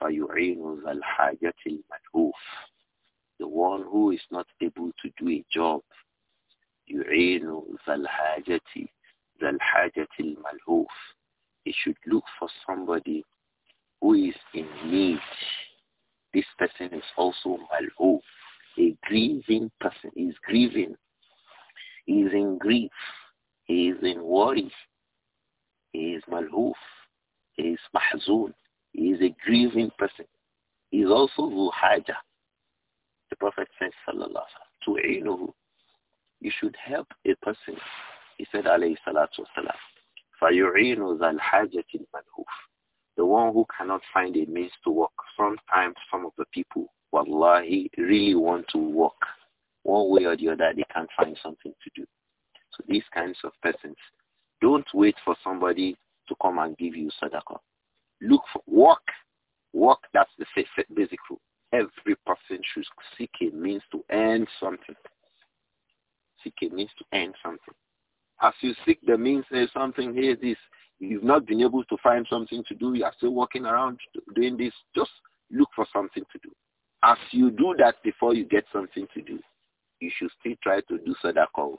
فَيُعِينُ ذَا الْحَاجَةِ الْمَدْهُوفِ The one who is not able to do a job. يُعِينُ ذَا الْحَاجَةِ ذَا الْحَاجَةِ الْمَدْهُوفِ He should look for somebody who is in need. This person is also malhoof. A grieving person is grieving. He is in grief. He is in worry. He is malhoof. He is mahzoon. He is a grieving person. He is also Zu The Prophet said, Sallallahu Alaihi Wasallam, you should help a person. He said, alayhi salatu wasalam, فَيُعِينُ ذَا الْحَاجَةِ The one who cannot find a means to work. Sometimes some of the people, wallahi, really want to work. One way or the other, they can't find something to do. So these kinds of persons, don't wait for somebody to come and give you sadaqah. Look for work. Work, that's the basic rule. Every person should seek a means to earn something. Seek a means to earn something. As you seek the means, there's something here, this. You've not been able to find something to do. You are still walking around doing this. Just look for something to do. As you do that before you get something to do, you should still try to do sadaqah.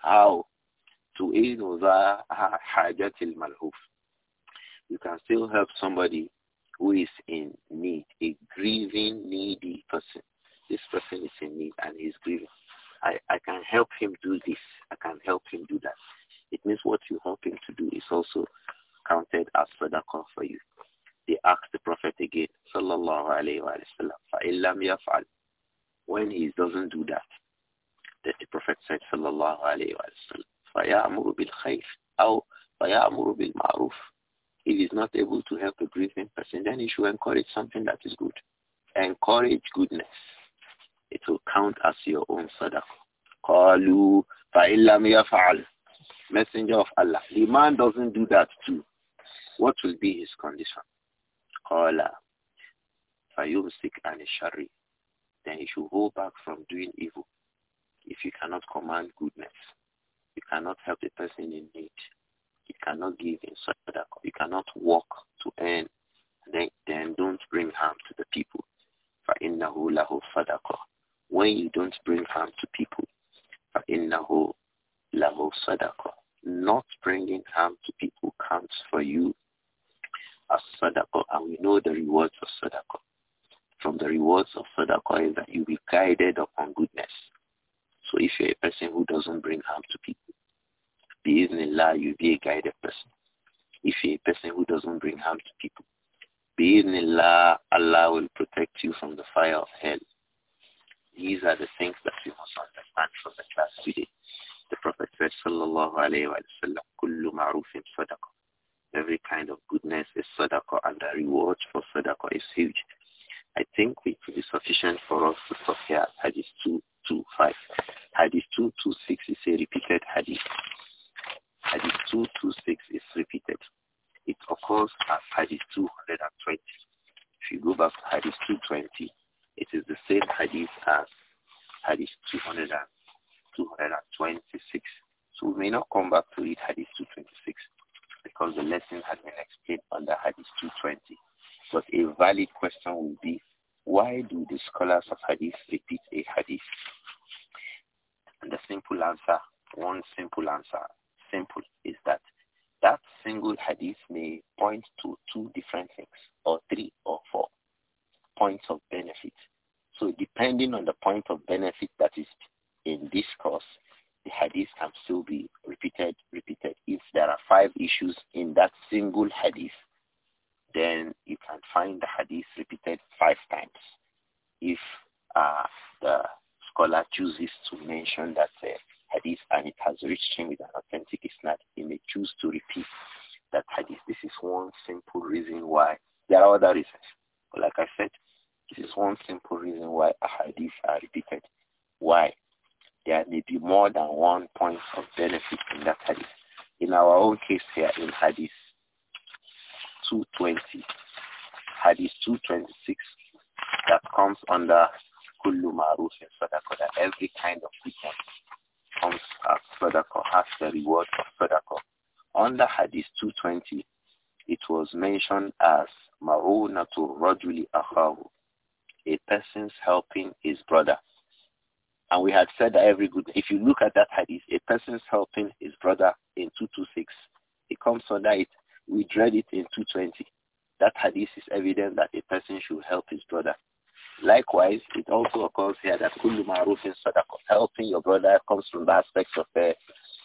How? To in the al-malhuf you can still help somebody who is in need, a grieving, needy person. This person is in need and he's grieving. I, I can help him do this. I can help him do that. It means what you help him to do is also counted as further sadaqah for you. They asked the Prophet again, sallallahu alayhi wa sallam, yaf'al. When he doesn't do that, that the Prophet said, sallallahu alayhi wa sallam, فَيَأْمُرُ بِالْخَيْرِ أو bil بِالْمَعْرُوفِ if he's not able to help a grieving person, then he should encourage something that is good. Encourage goodness. It will count as your own sadaqah. Messenger of Allah. The man doesn't do that too. What will be his condition? قال فيمسك عن الشر Then he should hold back from doing evil. If you cannot command goodness, you cannot help the person in need, you cannot give in sadaqah, you cannot work to earn. Then, then don't bring harm to the people. فَإِنَّهُ لَهُ صَدَقَةٌ When you don't bring harm to people, فَإِنَّهُ لَهُ صَدَقَةٌ Not bringing harm to people counts for you as sadaqah. And we know the rewards of sadaqah. From the rewards of sadaqah is that you be guided upon goodness. So if you're a person who doesn't bring harm to people, be in Allah, you be a guided person if you're a person who doesn't bring harm to people. Bismillah, Allah will protect you from the fire of hell. These are the things that we must understand from the class today. The Prophet said, Sallallahu Alaihi Wasallam, Kullu ma'rufin sadaqah. Every kind of goodness is sadaqah and the reward for sadaqah is huge. I think it will be sufficient for us to stop here Hadith 225. Hadith 226 is a repeated hadith. Hadith 226 is repeated. It occurs at Hadith 220. If you go back to Hadith 220, it is the same Hadith as Hadith 200 226. So we may not come back to read Hadith 226 because the lesson has been explained under Hadith 220. But a valid question would be, why do the scholars of Hadith repeat a Hadith? And the simple answer, one simple answer simple is that that single hadith may point to two different things or three or four points of benefit. So depending on the point of benefit that is in this course, the hadith can still be repeated, repeated. If there are five issues in that single hadith, then you can find the hadith repeated five times. If uh, the scholar chooses to mention that uh, hadith and it has reached him with an authentic isnad, he may choose to repeat that hadith. This is one simple reason why. There are other reasons. But like I said, this is one simple reason why hadith are repeated. Why? There may be more than one point of benefit in that hadith. In our own case here in hadith 220, hadith 226 that comes under kullu ma'ruf and sadaqah, every kind of goodness comes as Sadaqah, as the reward of Sadaqah. Under Hadith 220, it was mentioned as Ma'unatu Rajuli Akhahu, a person's helping his brother. And we had said that every good, if you look at that hadith, a person's helping his brother in 226, it comes under it. We read it in 220. That hadith is evident that a person should help his brother. Likewise, it also occurs here that kullu ma'rufin Helping your brother comes from the aspects of the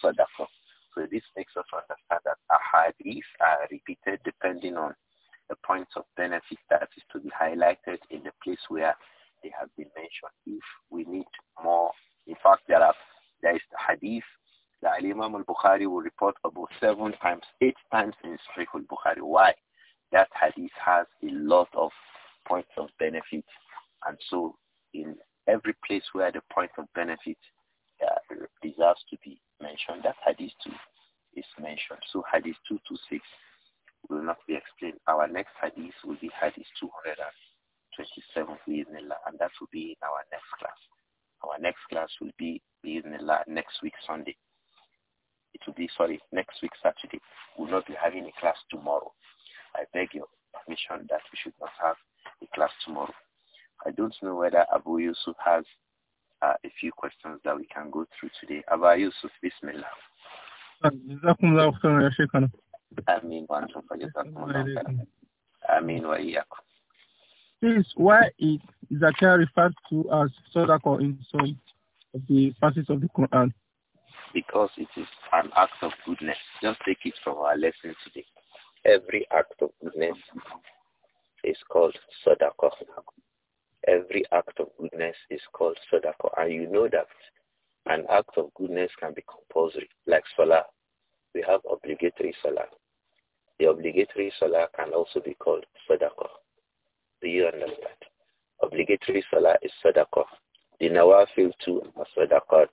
sadaqah. So this makes us understand that ahadith are repeated depending on the points of benefit that is to be highlighted in the place where they have been mentioned. If we need more, in fact, there are there is the hadith that Imam al-Bukhari will report about seven times, eight times in Sahih al-Bukhari. Why? That hadith has a lot of points of benefit and so in every place where the point of benefit uh, deserves to be mentioned, that hadith 2 is mentioned. So hadith 226 will not be explained. Our next hadith will be hadith 227 and that will be in our next class. Our next class will be Bismillah next week Sunday. It will be, sorry, next week Saturday. We'll not be having a class tomorrow. I beg your permission that we should not have a class tomorrow. I don't know whether Abu Yusuf has uh, a few questions that we can go through today. Abu Yusuf, Bismillah. Ameen Please, why is Zakir referred to as Sadaqah in some of the verses of the Quran? Because it is an act of goodness. Just take it from our lesson today. Every act of goodness is called Sadaqah. Every act of goodness is called sadaqah. And you know that an act of goodness can be compulsory, like salah. We have obligatory salah. The obligatory salah can also be called sadaqah. Do you understand? Obligatory salah is sadaqah. The nawafil too are sadaqat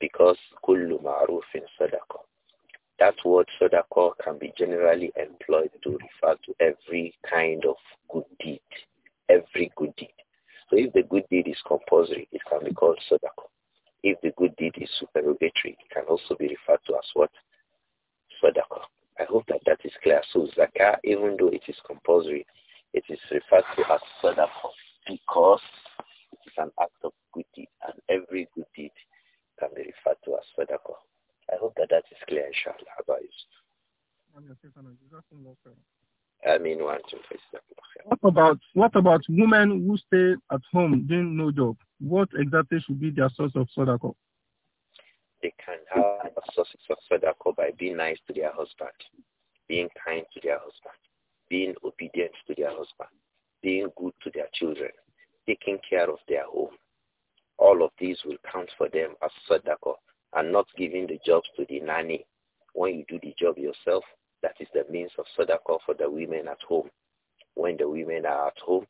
because kullu ma'rufin sadaqah. That word sadaqah can be generally employed to refer to every kind of good deed, every good deed. So if the good deed is compulsory, it can be called sadaqah. If the good deed is supererogatory, it can also be referred to as what? Sadaqah. I hope that that is clear. So zakah, even though it is compulsory, it is referred to as sadaqah because it is an act of good deed and every good deed can be referred to as sadaqah. I hope that that is clear, inshallah. About what about what about women who stay at home doing no job? What exactly should be their source of sadaqah? They can have a source of sadaqah by being nice to their husband, being kind to their husband, being obedient to their husband, being good to their children, taking care of their home. All of these will count for them as sadaqah and not giving the jobs to the nanny. When you do the job yourself, that is the means of sadaqah for the women at home. When the women are at home,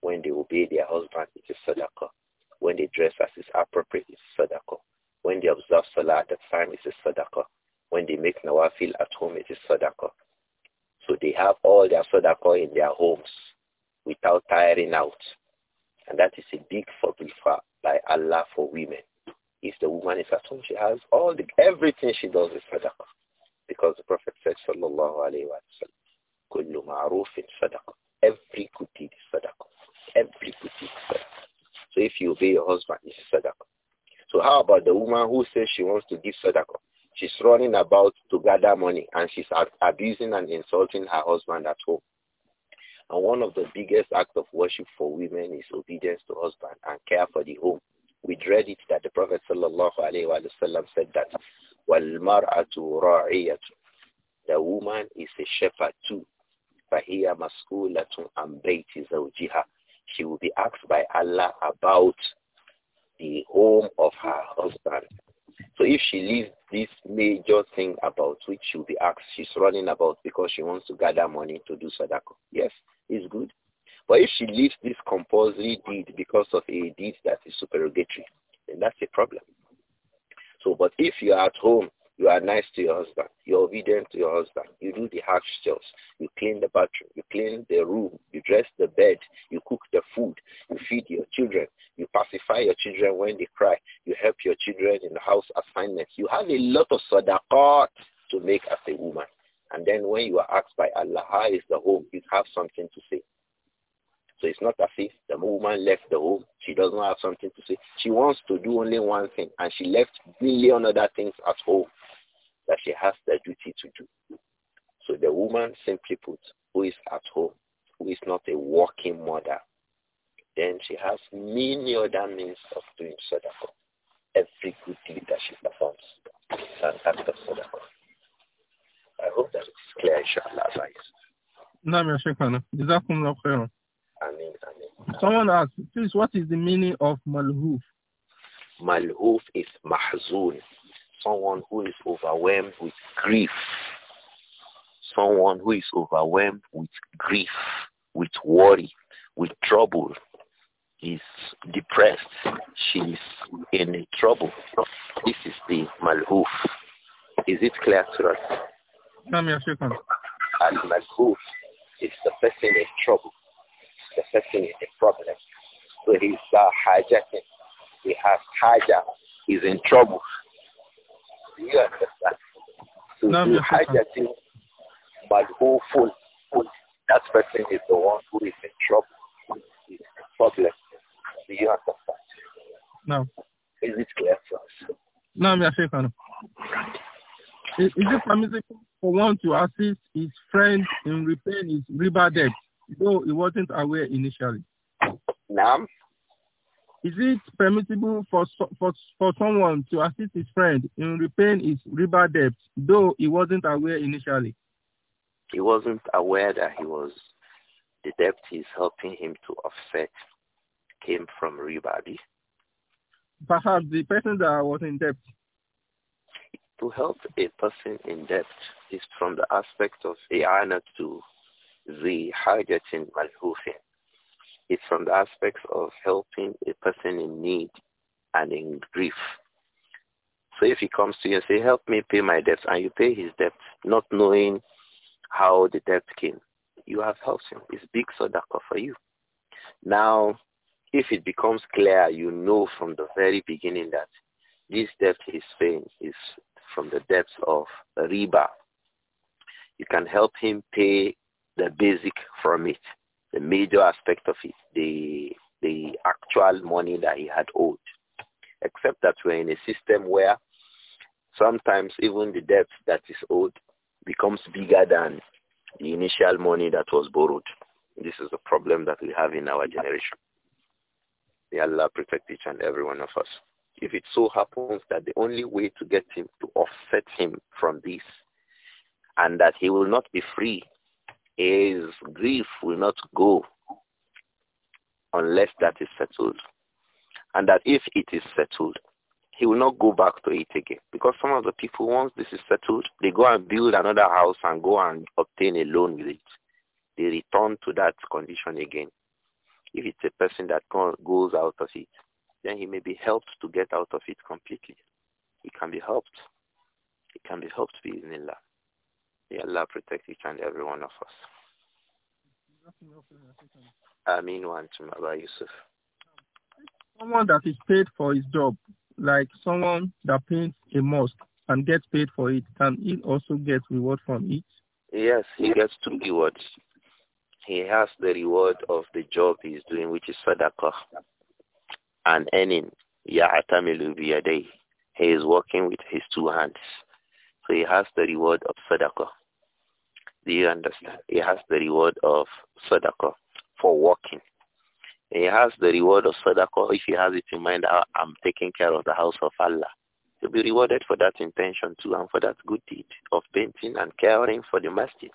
when they obey their husband, it is sadaqah. When they dress as is appropriate, it is sadaqah. When they observe salah at that time, it is sadaqah. When they make nawafil at home, it is sadaqah. So they have all their sadaqah in their homes without tiring out. And that is a big forgifa by Allah for women. If the woman is at home, she has all the, everything she does is sadaqah. Because the Prophet said, sallallahu alayhi wa sallam, kullu ma'rufin sadaqah. Every good deed is sadaqah. Every good deed is sadaqah. So if you obey your husband, it's sadaqah. So how about the woman who says she wants to give sadaqah? She's running about to gather money and she's abusing and insulting her husband at home. And one of the biggest acts of worship for women is obedience to husband and care for the home. We dread it that the Prophet sallallahu alaihi wasallam said that وَالْمَرْأَةُ رَاعِيَةٌ The woman is a shepherd too. فَهِيَ مَسْكُولَةٌ عَنْ بَيْتِ زَوْجِهَا She will be asked by Allah about the home of her husband. So if she leaves this major thing about which she'll be asked, she's running about because she wants to gather money to do sadaqah. Yes, it's good. But if she leaves this compulsory deed because of a deed that is supererogatory, then that's a problem. So, but if you are at home, you are nice to your husband, you're obedient to your husband, you do the house chores, you clean the bathroom, you clean the room, you dress the bed, you cook the food, you feed your children, you pacify your children when they cry, you help your children in the house assignments. You have a lot of sadaqat to make as a woman. And then when you are asked by Allah, how is the home? You have something to say. So it's not as if the woman left the home. She doesn't have something to say. She wants to do only one thing, and she left million other things at home that she has the duty to do. So the woman, simply put, who is at home, who is not a working mother, then she has many other means of doing sadaqah. Every good deed that she performs, an act of sadaqah. I hope that it's clear, inshallah. Thanks. نعم Someone asked, please, what is the meaning of malhuf? Malhuf is mahzun, someone who is overwhelmed with grief. Someone who is overwhelmed with grief, with worry, with trouble, is depressed. She is in trouble. This is the malhuf. Is it clear to us? And malhuf is the person in trouble is a problem. So he's uh, hijacking. He has hijacked. He's in trouble. Do you understand? So no, you hijacking fool? That person is the one who is in trouble. He's in problem. Do you understand? No. Is it clear to us? No, I'm Shekhano. Is, is it permissible for one to assist his friend in repaying his river debt? though he wasn't aware initially. Now, is it permissible for, for, for someone to assist his friend in repaying his riba debt, though he wasn't aware initially? He wasn't aware that he was the debt he's helping him to offset came from riba. Perhaps the person that was in debt. To help a person in debt is from the aspect of ayana to the حاجة Malhufin It's from the aspects of helping a person in need and in grief. So if he comes to you and say, help me pay my debts, and you pay his debts, not knowing how the debt came, you have helped him. It's big sadaqah for you. Now, if it becomes clear, you know from the very beginning that this debt he's paying is from the debts of riba. You can help him pay the basic from it, the major aspect of it, the, the actual money that he had owed. Except that we're in a system where sometimes even the debt that is owed becomes bigger than the initial money that was borrowed. This is the problem that we have in our generation. May Allah protect each and every one of us. If it so happens that the only way to get him to offset him from this and that he will not be free his grief will not go unless that is settled. And that if it is settled, he will not go back to it again. Because some of the people, once this is settled, they go and build another house and go and obtain a loan with it. They return to that condition again. If it's a person that goes out of it, then he may be helped to get out of it completely. He can be helped. He can be helped, Bismillah. May Allah protect each and every one of us. Eh, eh? Amin wa antum Abba Yusuf. Someone that is paid for his job, like someone that paints a mosque and gets paid for it, can he also get reward from it? Yes, he gets two rewards. He has the reward of the job he is doing, which is sadaqah, and earning. Ya'atamilu day, He is working with his two hands. So he has the reward of sadaqah. Do you understand? He has the reward of sadaqah for working. He has the reward of sadaqah if he has it in mind, ah, I'm taking care of the house of Allah. He'll be rewarded for that intention too and for that good deed of painting and caring for the masjid.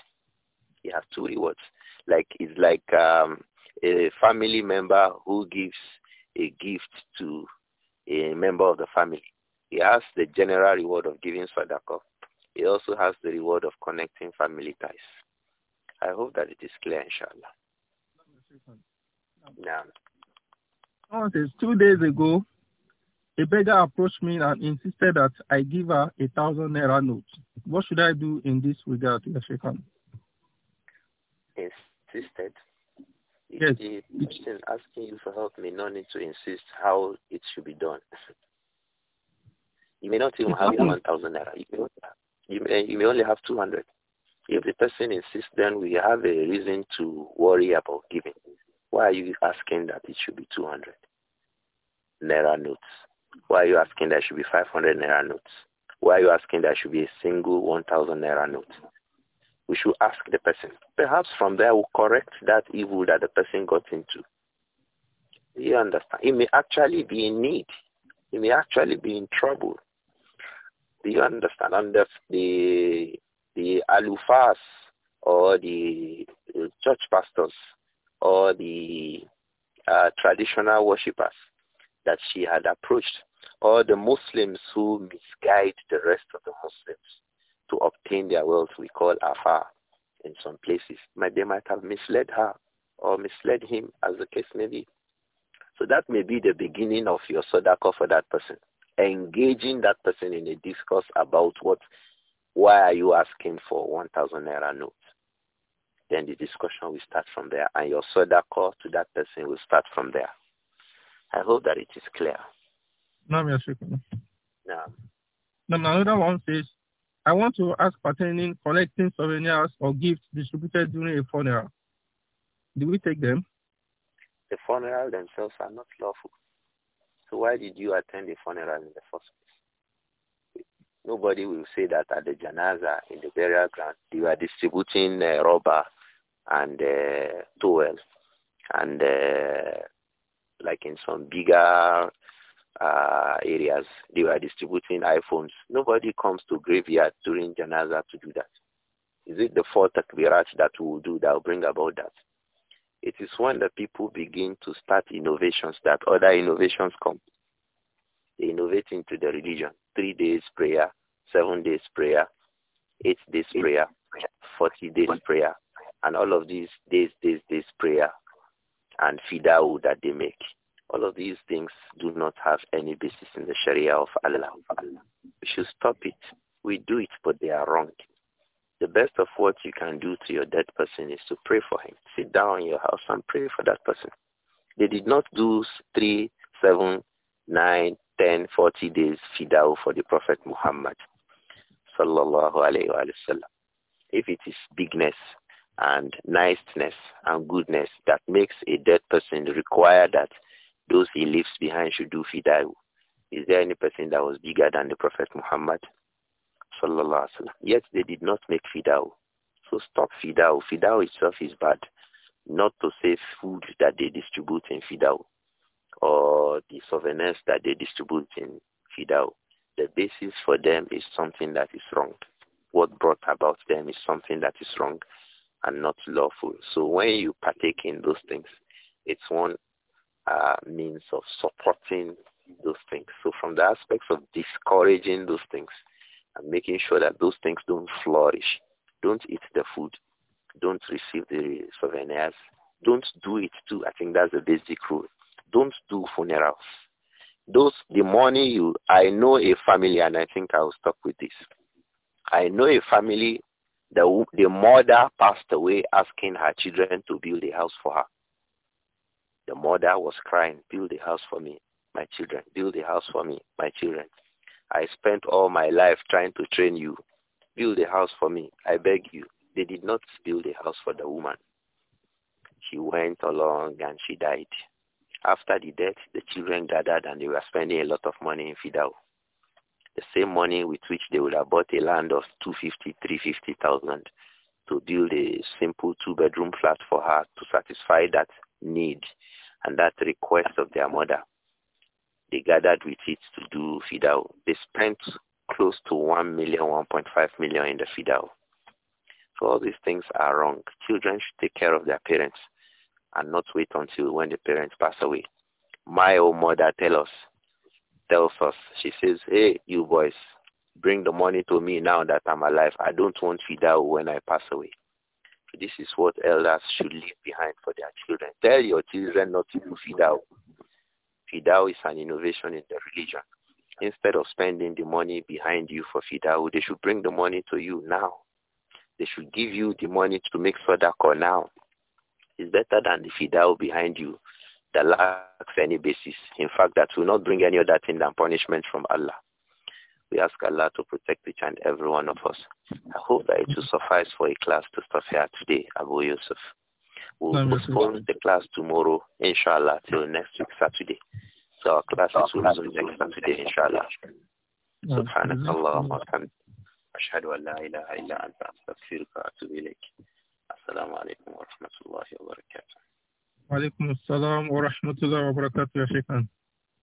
He has two rewards. Like it's like um, a family member who gives a gift to a member of the family. He has the general reward of giving sadaqah it also has the reward of connecting family ties. I hope that it is clear, inshallah. Now. two days ago, a beggar approached me and insisted that I give her a thousand naira note. What should I do in this regard, Yashikan? Insisted. Yes. The person asking you for help may not need to insist how it should be done. *laughs* you may not even have one thousand naira. You may not have you may, eh, you may only have 200. If the person insists, then we have a reason to worry about giving. Why are you asking that it should be 200 naira notes? Why are you asking that it should be 500 naira notes? Why are you asking that it should be a single 1,000 naira note? We should ask the person. Perhaps from there we'll correct that evil that the person got into. You understand? He may actually be in need. He may actually be in trouble. Do you understand? And the, the, the alufas or the church pastors or the uh, traditional worshippers that she had approached or the Muslims who misguide the rest of the Muslims to obtain their wealth we call afar in some places. They might have misled her or misled him as the case may be. So that may be the beginning of your sadaqah for that person engaging that person in a discourse about what, why are you asking for 1,000 naira note? Then the discussion will start from there and your soda call to that person will start from there. I hope that it is clear. No, I'm No. Then another one says, I want to ask pertaining collecting souvenirs or gifts distributed during a funeral. Do we take them? The funeral themselves are not lawful. So why did you attend the funeral in the first place? Nobody will say that at the janaza in the burial ground they were distributing uh, rubber and uh, towel and uh, like in some bigger uh, areas they were distributing iPhones. Nobody comes to graveyard during janaza to do that. Is it the four takbirat that will do that will bring about that? It is when the people begin to start innovations that other innovations come. They innovate into the religion. Three days prayer, seven days prayer, eight days prayer, 40 days prayer, and all of these days, days, days prayer and fida'u that they make. All of these things do not have any basis in the Sharia of Allah. We should stop it. We do it, but they are wrong the best of what you can do to your dead person is to pray for him. Sit down in your house and pray for that person. They did not do three, seven, nine, ten, forty days fidao for the Prophet Muhammad. Sallallahu alayhi wa If it is bigness and niceness and goodness that makes a dead person require that those he leaves behind should do fidao, is there any person that was bigger than the Prophet Muhammad? Yes, Yet they did not make fida'u. So stop fida'u. Fida'u itself is bad. Not to say food that they distribute in fida'u or the souvenirs that they distribute in fida'u. The basis for them is something that is wrong. What brought about them is something that is wrong and not lawful. So when you partake in those things, it's one uh, means of supporting those things. So from the aspects of discouraging those things, and making sure that those things don't flourish. Don't eat the food. Don't receive the souvenirs. Don't do it too. I think that's the basic rule. Don't do funerals. Those, the money you, I know a family, and I think I'll stop with this. I know a family, the, the mother passed away asking her children to build a house for her. The mother was crying, build a house for me, my children, build a house for me, my children. I spent all my life trying to train you. Build a house for me. I beg you. They did not build a house for the woman. She went along and she died. After the death, the children gathered and they were spending a lot of money in Fidao. The same money with which they would have bought a land of 250, 350,000 to build a simple two-bedroom flat for her to satisfy that need and that request of their mother they gathered with it to do FIDAO. They spent close to 1 million, 1.5 million in the FIDAO. So all these things are wrong. Children should take care of their parents and not wait until when the parents pass away. My old mother tell us, tells us, she says, hey, you boys, bring the money to me now that I'm alive. I don't want FIDAO when I pass away. this is what elders should leave behind for their children. Tell your children not to do FIDAO Fidao is an innovation in the religion. Instead of spending the money behind you for Fidao, they should bring the money to you now. They should give you the money to make Sodako now. It's better than the Fidao behind you that lacks any basis. In fact, that will not bring any other thing than punishment from Allah. We ask Allah to protect each and every one of us. I hope that it will suffice for a class to stop here today, Abu Yusuf. We'll postpone the class tomorrow, inshallah, till next week, Saturday. So our class is resumed next Saturday, inshallah. سبحانك اللهم وبحمدك أشهد أن لا إله إلا أنت أستغفرك وأتوب إليك السلام عليكم ورحمة الله وبركاته وعليكم السلام ورحمة الله وبركاته يا شيخنا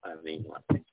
آمين وأنت